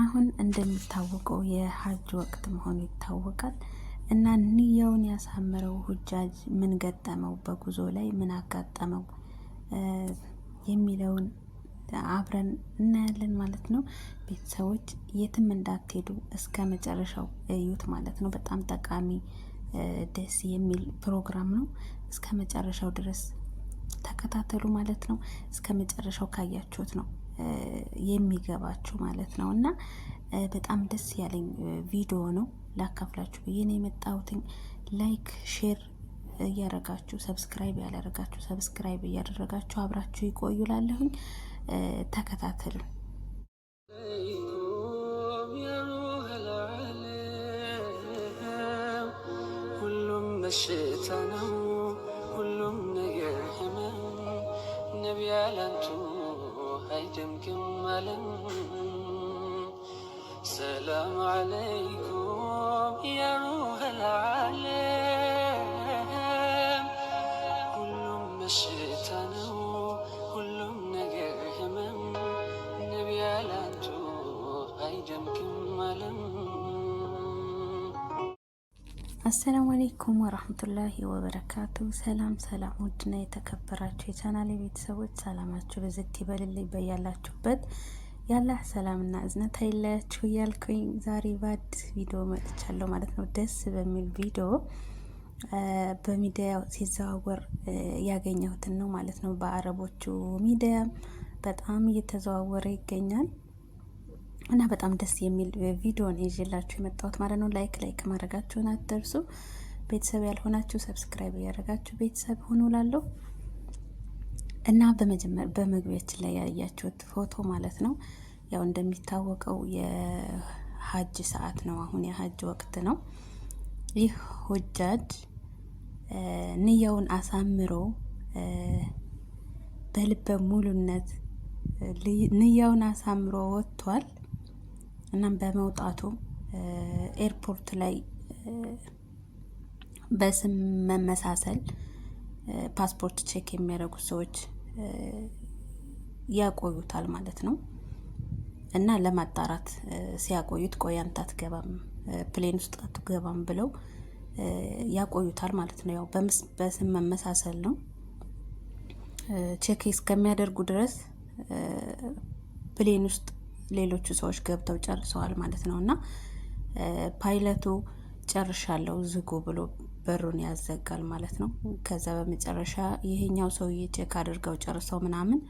አሁን እንደሚታወቀው የሀጅ ወቅት መሆኑ ይታወቃል እና ንያውን ያሳመረው ሁጃጅ ምን ገጠመው፣ በጉዞ ላይ ምን አጋጠመው የሚለውን አብረን እናያለን ማለት ነው። ቤተሰቦች የትም እንዳትሄዱ እስከ መጨረሻው እዩት ማለት ነው። በጣም ጠቃሚ ደስ የሚል ፕሮግራም ነው። እስከ መጨረሻው ድረስ ተከታተሉ ማለት ነው። እስከ መጨረሻው ካያችሁት ነው የሚገባችሁ ማለት ነው። እና በጣም ደስ ያለኝ ቪዲዮ ነው ላካፍላችሁ ብዬ ነው የመጣሁትኝ። ላይክ ሼር እያረጋችሁ ሰብስክራይብ ያላረጋችሁ ሰብስክራይብ እያደረጋችሁ አብራችሁ ይቆዩ ላለሁኝ ተከታተሉ። ሁሉም በሽታ ነው፣ ሁሉም ነገር ህመም ነቢያላንቱ تمكملن سلام عليكم يا روح አሰላሙ አሌይኩም ወራህመቱላሂ ወበረካቱ። ሰላም ሰላም፣ ውድና የተከበራችሁ የቻናሌ ቤተሰቦች ሰላማችሁ ብዝት ይበልልኝ በያላችሁበት ያላህ ሰላምና እዝነት አይለያችሁ እያልኩኝ ዛሬ በአዲስ ቪዲዮ መጥቻለሁ ማለት ነው። ደስ በሚል ቪዲዮ በሚዲያ ሲዘዋወር ያገኘሁትን ነው ማለት ነው። በአረቦቹ ሚዲያ በጣም እየተዘዋወረ ይገኛል። እና በጣም ደስ የሚል ቪዲዮን ይዤላችሁ የመጣሁት ማለት ነው። ላይክ ላይክ ማድረጋችሁን አትደርሱ። ቤተሰብ ያልሆናችሁ ሰብስክራይብ እያደረጋችሁ ቤተሰብ ሆኖ ላለሁ እና በመግቢያችን ላይ ያያችሁት ፎቶ ማለት ነው። ያው እንደሚታወቀው የሀጅ ሰዓት ነው። አሁን የሀጅ ወቅት ነው። ይህ ሁጃጅ ንያውን አሳምሮ በልበ ሙሉነት ንያውን አሳምሮ ወጥቷል። እናም በመውጣቱ ኤርፖርት ላይ በስም መመሳሰል ፓስፖርት ቼክ የሚያደርጉ ሰዎች ያቆዩታል ማለት ነው እና ለማጣራት ሲያቆዩት ቆይ አንተ አትገባም፣ ፕሌን ውስጥ አትገባም ብለው ያቆዩታል ማለት ነው። ያው በስም መመሳሰል ነው። ቼክ እስከሚያደርጉ ድረስ ፕሌን ውስጥ ሌሎቹ ሰዎች ገብተው ጨርሰዋል ማለት ነው። እና ፓይለቱ ጨርሻለው ዝጉ ብሎ በሩን ያዘጋል ማለት ነው። ከዛ በመጨረሻ ይሄኛው ሰውዬ ቼክ አድርገው ጨርሰው ምናምን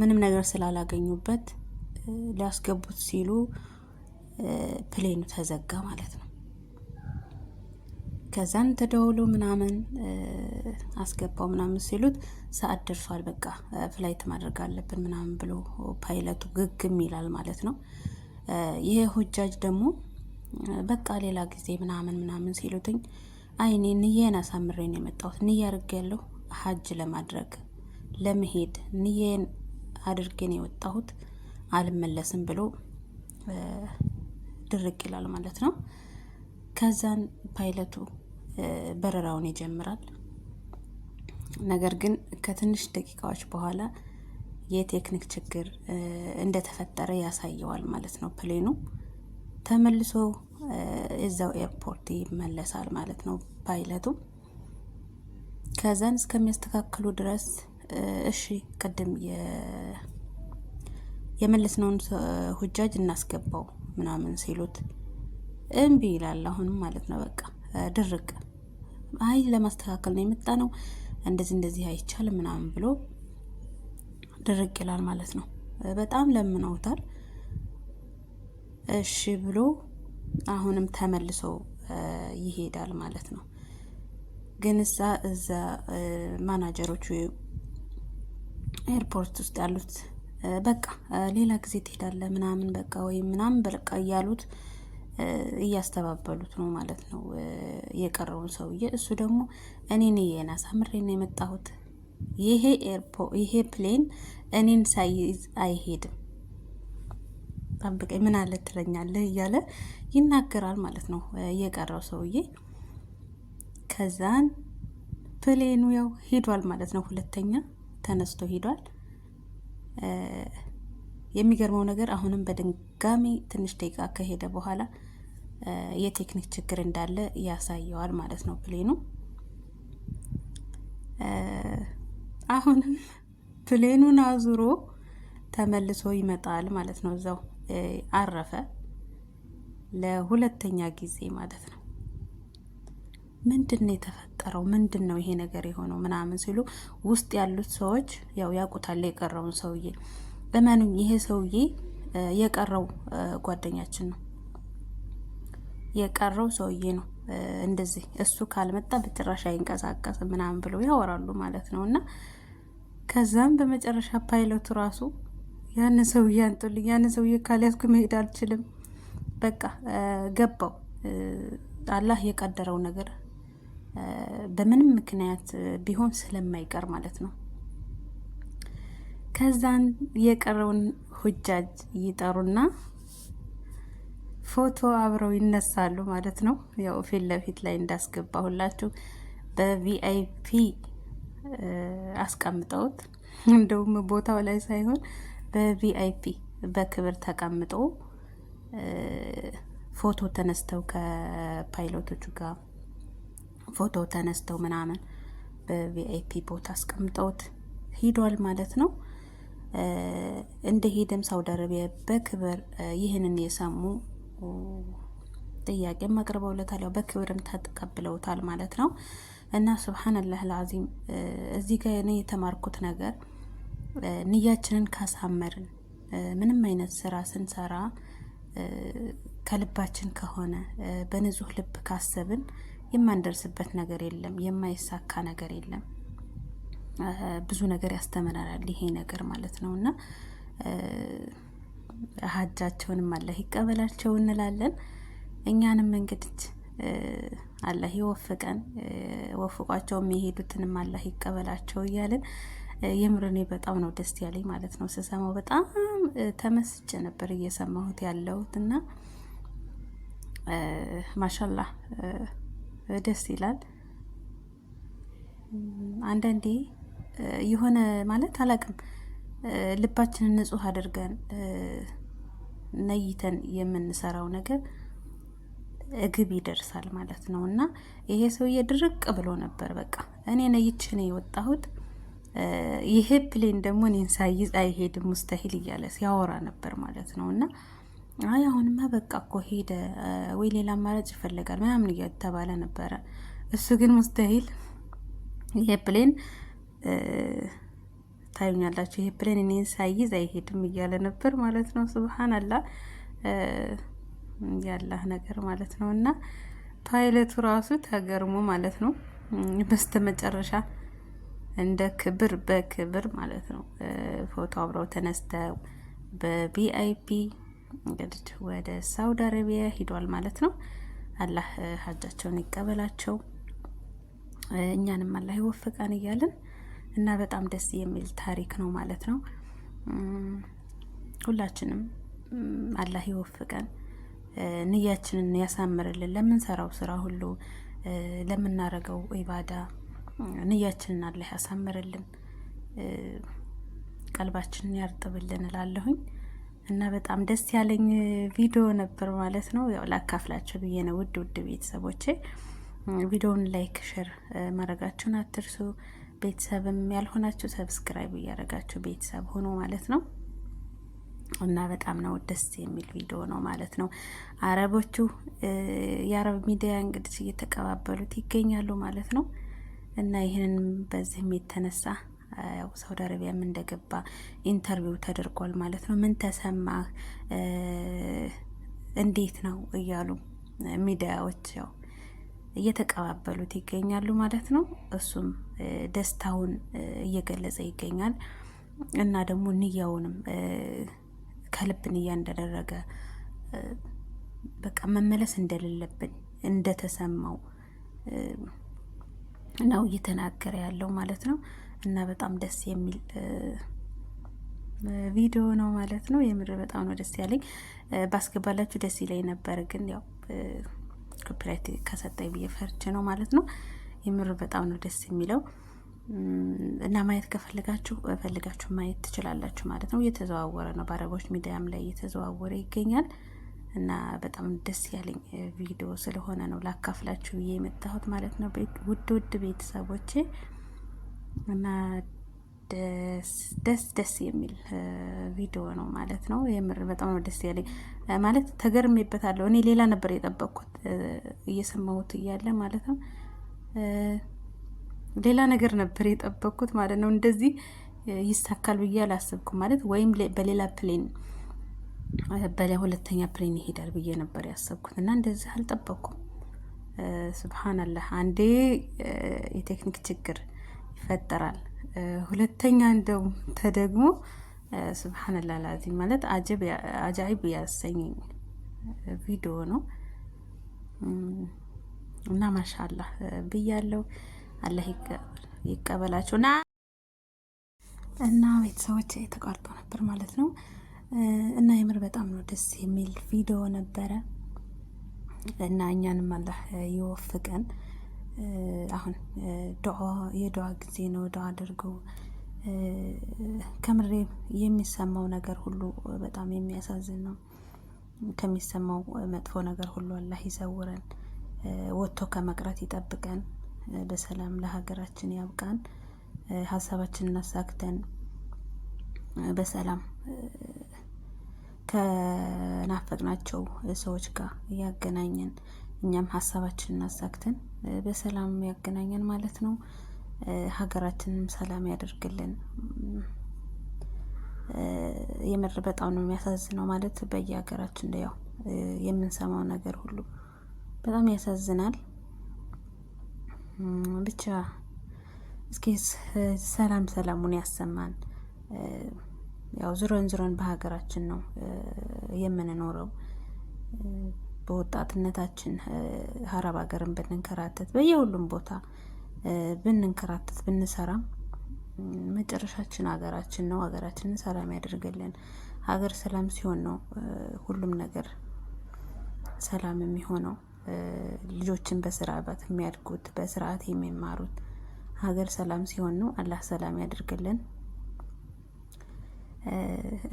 ምንም ነገር ስላላገኙበት ሊያስገቡት ሲሉ ፕሌኑ ተዘጋ ማለት ነው። ከዛን ተደውሎ ምናምን አስገባው ምናምን ሲሉት ሰዓት ደርሷል፣ በቃ ፍላይት ማድረግ አለብን ምናምን ብሎ ፓይለቱ ግግም ይላል ማለት ነው። ይሄ ሁጃጅ ደግሞ በቃ ሌላ ጊዜ ምናምን ምናምን ሲሉትኝ አይኔ ንዬን አሳምሬን የመጣሁት ንዬ አድርጌ ያለሁ ሀጅ ለማድረግ ለመሄድ ንዬን አድርጌን የወጣሁት አልመለስም ብሎ ድርቅ ይላል ማለት ነው። ከዛን ፓይለቱ በረራውን ይጀምራል። ነገር ግን ከትንሽ ደቂቃዎች በኋላ የቴክኒክ ችግር እንደተፈጠረ ያሳየዋል ማለት ነው። ፕሌኑ ተመልሶ እዛው ኤርፖርት ይመለሳል ማለት ነው ፓይለቱ። ከዛን እስከሚያስተካክሉ ድረስ እሺ ቅድም የመለስነውን ሁጃጅ እናስገባው ምናምን ሲሉት እምቢ ይላል። አሁንም ማለት ነው በቃ ድርቅ አይ ለማስተካከል ነው የመጣ ነው እንደዚህ እንደዚህ አይቻልም ምናምን ብሎ ድርቅ ይላል ማለት ነው። በጣም ለምነውታል። እሺ ብሎ አሁንም ተመልሶ ይሄዳል ማለት ነው። ግን እዛ እዛ ማናጀሮቹ ኤርፖርት ውስጥ ያሉት በቃ ሌላ ጊዜ ትሄዳለህ ምናምን በቃ ወይም ምናምን በቃ እያሉት እያስተባበሉት ነው ማለት ነው የቀረውን ሰውዬ። እሱ ደግሞ እኔን የና የናሳ ነው የመጣሁት ይሄ ኤርፖርት ይሄ ፕሌን እኔን ሳይዝ አይሄድም ጠብቀኝ ምን አለ ትለኛለህ እያለ ይናገራል ማለት ነው የቀረው ሰውዬ። ከዛን ፕሌኑ ያው ሂዷል ማለት ነው። ሁለተኛ ተነስቶ ሂዷል። የሚገርመው ነገር አሁንም በድንጋሚ ትንሽ ደቂቃ ከሄደ በኋላ የቴክኒክ ችግር እንዳለ ያሳየዋል ማለት ነው ፕሌኑ። አሁንም ፕሌኑን አዙሮ ተመልሶ ይመጣል ማለት ነው። እዛው አረፈ ለሁለተኛ ጊዜ ማለት ነው። ምንድን ነው የተፈጠረው? ምንድን ነው ይሄ ነገር የሆነው ምናምን ሲሉ ውስጥ ያሉት ሰዎች ያው ያውቁታል የቀረውን ሰውዬ እመኑኝ ይሄ ሰውዬ የቀረው ጓደኛችን ነው የቀረው ሰውዬ ነው። እንደዚህ እሱ ካልመጣ በጭራሽ አይንቀሳቀስም ምናምን ብለው ያወራሉ ማለት ነው። እና ከዛም በመጨረሻ ፓይለቱ ራሱ ያንን ሰውዬ አንጦልኝ፣ ያን ሰውዬ ካልያዝኩ መሄድ አልችልም፣ በቃ ገባው። አላህ የቀደረው ነገር በምንም ምክንያት ቢሆን ስለማይቀር ማለት ነው። ከዛን የቀረውን ሁጃጅ ይጠሩና ፎቶ አብረው ይነሳሉ ማለት ነው። ያው ፊት ለፊት ላይ እንዳስገባሁላችሁ በቪአይፒ አስቀምጠውት እንደውም ቦታው ላይ ሳይሆን በቪአይፒ በክብር ተቀምጦ ፎቶ ተነስተው ከፓይሎቶቹ ጋር ፎቶ ተነስተው ምናምን በቪአይፒ ቦታ አስቀምጠውት ሂዷል ማለት ነው። እንደሄደም ሳውዲ አረቢያ በክብር ይህንን የሰሙ ጥያቄ አቅርበውለታል። ያው በክብርም ተቀብለውታል ማለት ነው። እና ሱብሓነላህ ልዓዚም እዚህ ጋር እኔ የተማርኩት ነገር ንያችንን ካሳመርን ምንም አይነት ስራ ስንሰራ ከልባችን ከሆነ በንጹህ ልብ ካሰብን የማንደርስበት ነገር የለም፣ የማይሳካ ነገር የለም። ብዙ ነገር ያስተምረናል ይሄ ነገር ማለት ነው እና ሀጃቸውንም አላህ ይቀበላቸው እንላለን። እኛንም እንግዲህ አላህ ይወፍቀን፣ ወፍቋቸውም የሄዱትንም አላህ ይቀበላቸው እያለን የምር በጣም ነው ደስ ያለኝ ማለት ነው። ስሰማው በጣም ተመስጬ ነበር እየሰማሁት ያለሁት እና ማሻላህ ደስ ይላል አንዳንዴ የሆነ ማለት አላቅም ልባችንን ንጹህ አድርገን ነይተን የምንሰራው ነገር እግብ ይደርሳል ማለት ነው። እና ይሄ ሰውዬ ድርቅ ብሎ ነበር። በቃ እኔ ነይቼ ነው የወጣሁት። ይሄ ፕሌን ደግሞ እኔን ሳይዝ አይሄድም ሙስተሂል እያለ ሲያወራ ነበር ማለት ነው። እና አይ አሁንማ በቃ እኮ ሄደ ወይ ሌላ አማራጭ ይፈልጋል ምናምን እየተባለ ነበረ። እሱ ግን ሙስተሂል ይሄ ፕሌን ታዩኛላችሁ። ይሄ ፕሌን እኔን ሳይዝ አይሄድም እያለ ነበር ማለት ነው። ስብሀን ያላህ ነገር ማለት ነው። እና ፓይለቱ ራሱ ተገርሞ ማለት ነው። በስተ መጨረሻ እንደ ክብር በክብር ማለት ነው ፎቶ አብረው ተነስተው በቪአይፒ እንግዲህ ወደ ሳውዲ አረቢያ ሂዷል ማለት ነው። አላህ ሀጃቸውን ይቀበላቸው፣ እኛንም አላህ ይወፈቃን እያልን እና በጣም ደስ የሚል ታሪክ ነው ማለት ነው። ሁላችንም አላህ ይወፍቀን፣ ንያችንን ያሳምርልን። ለምንሰራው ስራ ሁሉ ለምናረገው ኢባዳ ንያችንን አላህ ያሳምርልን፣ ቀልባችንን ያርጥብልን እላለሁኝ እና በጣም ደስ ያለኝ ቪዲዮ ነበር ማለት ነው። ያው ላካፍላችሁ ብዬ ነው። ውድ ውድ ቤተሰቦቼ ቪዲዮውን ላይክ፣ ሸር ማድረጋችሁን አትርሱ። ቤተሰብም ያልሆናችሁ ሰብስክራይብ እያደረጋችሁ ቤተሰብ ሆኖ ማለት ነው። እና በጣም ነው ደስ የሚል ቪዲዮ ነው ማለት ነው። አረቦቹ የአረብ ሚዲያ እንግዲህ እየተቀባበሉት ይገኛሉ ማለት ነው። እና ይህንን በዚህም የተነሳ ያው ሳውዲ አረቢያም እንደገባ ኢንተርቪው ተደርጓል ማለት ነው። ምን ተሰማ እንዴት ነው እያሉ ሚዲያዎች ያው እየተቀባበሉት ይገኛሉ ማለት ነው። እሱም ደስታውን እየገለጸ ይገኛል እና ደግሞ ንያውንም ከልብ ንያ እንደደረገ በቃ መመለስ እንደሌለብን እንደተሰማው ነው እየተናገረ ያለው ማለት ነው። እና በጣም ደስ የሚል ቪዲዮ ነው ማለት ነው። የምር በጣም ነው ደስ ያለኝ። ባስገባላችሁ ደስ ይለኝ ነበር፣ ግን ያው ኮፒራይት ከሰጠኝ ብዬ ፈርቼ ነው ማለት ነው። የምር በጣም ነው ደስ የሚለው እና ማየት ከፈለጋችሁ ፈልጋችሁ ማየት ትችላላችሁ ማለት ነው። እየተዘዋወረ ነው፣ በአረቦች ሚዲያም ላይ እየተዘዋወረ ይገኛል። እና በጣም ደስ ያለኝ ቪዲዮ ስለሆነ ነው ላካፍላችሁ ብዬ የመጣሁት ማለት ነው። ውድ ውድ ቤተሰቦቼ እና ደስ ደስ የሚል ቪዲዮ ነው ማለት ነው። የምር በጣም ነው ደስ ያለኝ ማለት ተገርሜበታለሁ። እኔ ሌላ ነበር የጠበቅኩት እየሰማሁት እያለ ማለት ነው። ሌላ ነገር ነበር የጠበኩት ማለት ነው። እንደዚህ ይሳካል ብዬ አላሰብኩም ማለት ወይም በሌላ ፕሌን ሁለተኛ ፕሌን ይሄዳል ብዬ ነበር ያሰብኩት እና እንደዚህ አልጠበኩም ስብሓንላህ አንዴ የቴክኒክ ችግር ይፈጠራል። ሁለተኛ እንደው ተደግሞ ስብሓንላህ ላዚ ማለት አጃይብ ያሰኘኝ ቪዲዮ ነው። እና ማሻአላህ ብያለው። አላህ ይቀበላችሁ ና እና ቤተሰቦች ተቋርጦ ነበር ማለት ነው። እና የምር በጣም ነው ደስ የሚል ቪዲዮ ነበረ እና እኛንም አላህ ይወፍቀን። አሁን የዱዓ ጊዜ ነው። ዱዓ አድርጉ። ከምሬ የሚሰማው ነገር ሁሉ በጣም የሚያሳዝን ነው። ከሚሰማው መጥፎ ነገር ሁሉ አላህ ይሰውረን። ወጥቶ ከመቅረት ይጠብቀን። በሰላም ለሀገራችን ያብቃን። ሀሳባችን እናሳክተን በሰላም ከናፈቅናቸው ሰዎች ጋር እያገናኘን እኛም ሀሳባችንን እናሳክተን በሰላም ያገናኘን ማለት ነው። ሀገራችንም ሰላም ያደርግልን። የምር በጣም ነው የሚያሳዝነው ማለት በየሀገራችን ያው የምንሰማው ነገር ሁሉ በጣም ያሳዝናል። ብቻ እስኪ ሰላም ሰላሙን ያሰማን። ያው ዝሮን ዝሮን በሀገራችን ነው የምንኖረው። በወጣትነታችን ሀረብ ሀገርን ብንንከራተት በየሁሉም ቦታ ብንንከራተት ብንሰራም መጨረሻችን ሀገራችን ነው። ሀገራችንን ሰላም ያደርግልን። ሀገር ሰላም ሲሆን ነው ሁሉም ነገር ሰላም የሚሆነው። ልጆችን በስርዓት የሚያድጉት በስርዓት የሚማሩት ሀገር ሰላም ሲሆን ነው። አላህ ሰላም ያደርግልን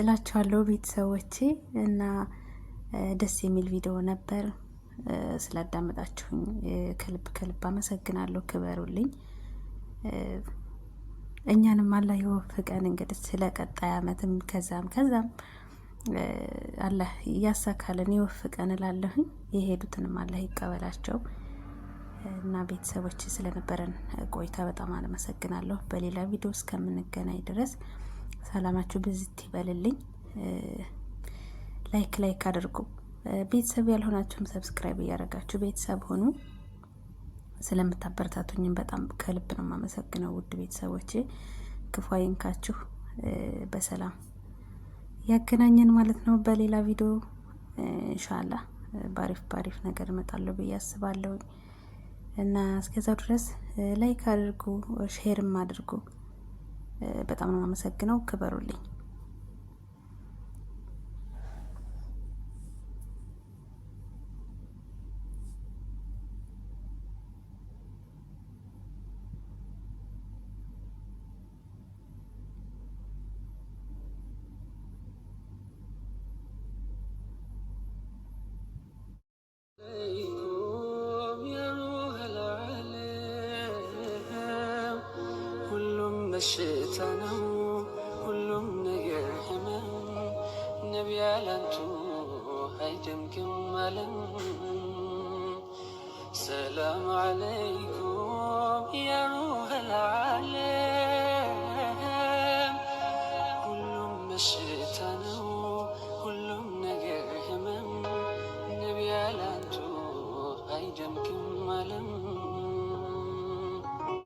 እላችኋለሁ ቤተሰቦቼ እና ደስ የሚል ቪዲዮ ነበር። ስላዳመጣችሁኝ ከልብ ከልብ አመሰግናለሁ። ክበሩልኝ። እኛንም አላህ ይወፍቀን። እንግዲህ ስለ ቀጣይ አመትም ከዛም ከዛም አላህ እያሳካልን ይወፍቀን እላለሁኝ። የሄዱትንም አላህ ይቀበላቸው እና ቤተሰቦች ስለነበረን ቆይታ በጣም አመሰግናለሁ። በሌላ ቪዲዮ እስከምንገናኝ ድረስ ሰላማችሁ ብዝት ይበልልኝ። ላይክ ላይክ አድርጉ። ቤተሰብ ያልሆናችሁም ሰብስክራይብ እያደረጋችሁ ቤተሰብ ሆኑ። ስለምታበረታቱኝም በጣም ከልብ ነው የማመሰግነው። ውድ ቤተሰቦች ክፉ አይንካችሁ። በሰላም ያገናኘን ማለት ነው። በሌላ ቪዲዮ እንሻላ ባሪፍ ባሪፍ ነገር እመጣለሁ ብዬ አስባለሁ እና እስከዛው ድረስ ላይክ አድርጉ፣ ሼርም አድርጉ። በጣም ነው አመሰግነው። ክበሩልኝ። ሁሉም በሽታ ነው፣ ሁሉም ነገር ህመም። ነቢይ ያላንቱ አይደምግም አለም። ሰላም አለይኩም ያሩ